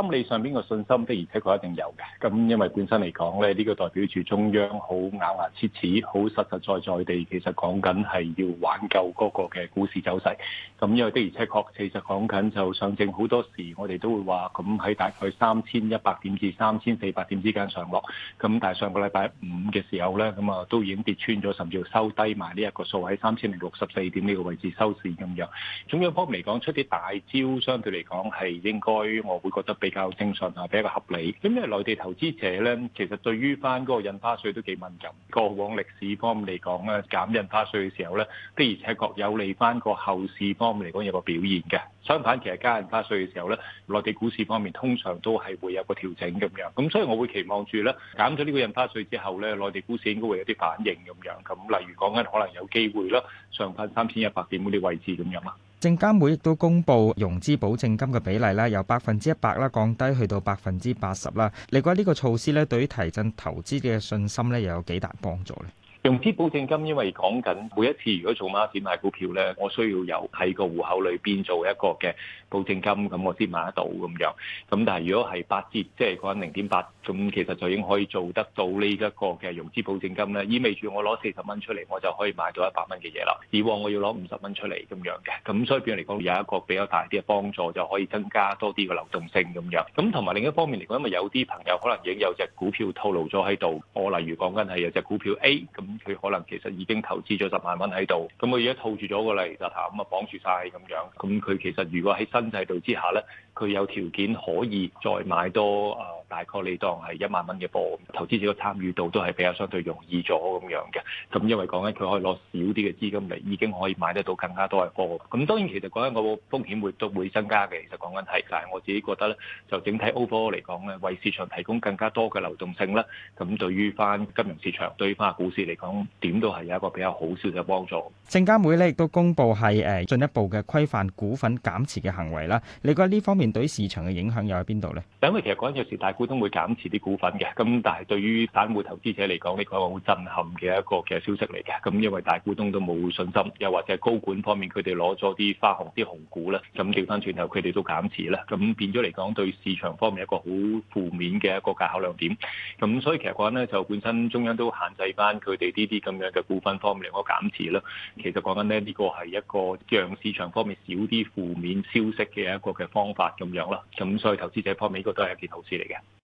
心理上邊個信心的而且確一定有嘅。咁因為本身嚟講咧，呢個代表住中央好咬牙切齒，好實實在在地其實講緊係要挽救嗰個嘅股市走勢。咁因為的而且確，其實講緊就上證好多時，我哋都會話咁喺大概三千一百點至三千四百點之間上落。咁但係上個禮拜五嘅時候咧，咁啊都已經跌穿咗，甚至要收低埋呢一個數喺三千零六十四點呢個位置收線咁樣，樣。中央方嚟講出啲大招，相對嚟講係應該，我會覺得比。比較正常啊，比較合理。咁因為，內地投資者咧，其實對於翻嗰個印花稅都幾敏感。過往歷史方面嚟講咧，減印花稅嘅時候咧，的而且確有利翻個後市方面嚟講有個表現嘅。相反，其實加印花稅嘅時候咧，內地股市方面通常都係會有個調整咁樣。咁所以，我會期望住咧，減咗呢個印花稅之後咧，內地股市應該會有啲反應咁樣。咁例如講緊可能有機會啦，上翻三千一百點嗰啲位置咁樣啦。證監會亦都公布融資保證金嘅比例咧，由百分之一百啦降低去到百分之八十啦。你覺得呢個措施咧，對於提振投資嘅信心咧，又有幾大幫助？融資保證金因為講緊每一次如果做孖展買股票咧，我需要由喺個戶口裏邊做一個嘅保證金，咁我先買得到咁樣。咁但係如果係八折，即係講緊零點八，咁其實就已經可以做得到呢一個嘅融資保證金咧。意味住我攞四十蚊出嚟，我就可以買到一百蚊嘅嘢啦。以往我要攞五十蚊出嚟咁樣嘅，咁所以變嚟講有一個比較大啲嘅幫助，就可以增加多啲嘅流動性咁樣。咁同埋另一方面嚟講，因為有啲朋友可能已經有隻股票透露咗喺度，我例如講緊係有隻股票 A 咁佢可能其實已經投資咗十萬蚊喺度，咁佢而家套住咗個嚟就嚇，咁啊綁住晒。咁樣，咁佢其實如果喺新制度之下咧。佢有條件可以再買多啊，大概你當係一萬蚊嘅波，投資者嘅參與度都係比較相對容易咗咁樣嘅。咁因為講緊，佢可以攞少啲嘅資金嚟，已經可以買得到更加多嘅波。咁當然其實講緊個風險會都會增加嘅，其實講緊係。但係我自己覺得咧，就整體 overall 嚟講咧，為市場提供更加多嘅流動性啦。咁對於翻金融市場、對於翻股市嚟講，點都係有一個比較好消息嘅幫助。證監會咧亦都公布係誒進一步嘅規範股份減持嘅行為啦。你覺得呢方面？對市場嘅影響又喺邊度咧？因為其實講緊有時大股東會減持啲股份嘅，咁但係對於散戶投資者嚟講，呢個係好震撼嘅一個嘅消息嚟嘅。咁因為大股東都冇信心，又或者高管方面佢哋攞咗啲花紅啲紅股啦，咁調翻轉頭佢哋都減持啦，咁變咗嚟講對市場方面一個好負面嘅一個考量點。咁所以其實講緊咧，就本身中央都限制翻佢哋呢啲咁樣嘅股份方面嚟講減持啦。其實講緊呢，呢個係一個讓市場方面少啲負面消息嘅一個嘅方法。咁樣啦，咁所以投資者方面應該都係一件好事嚟嘅。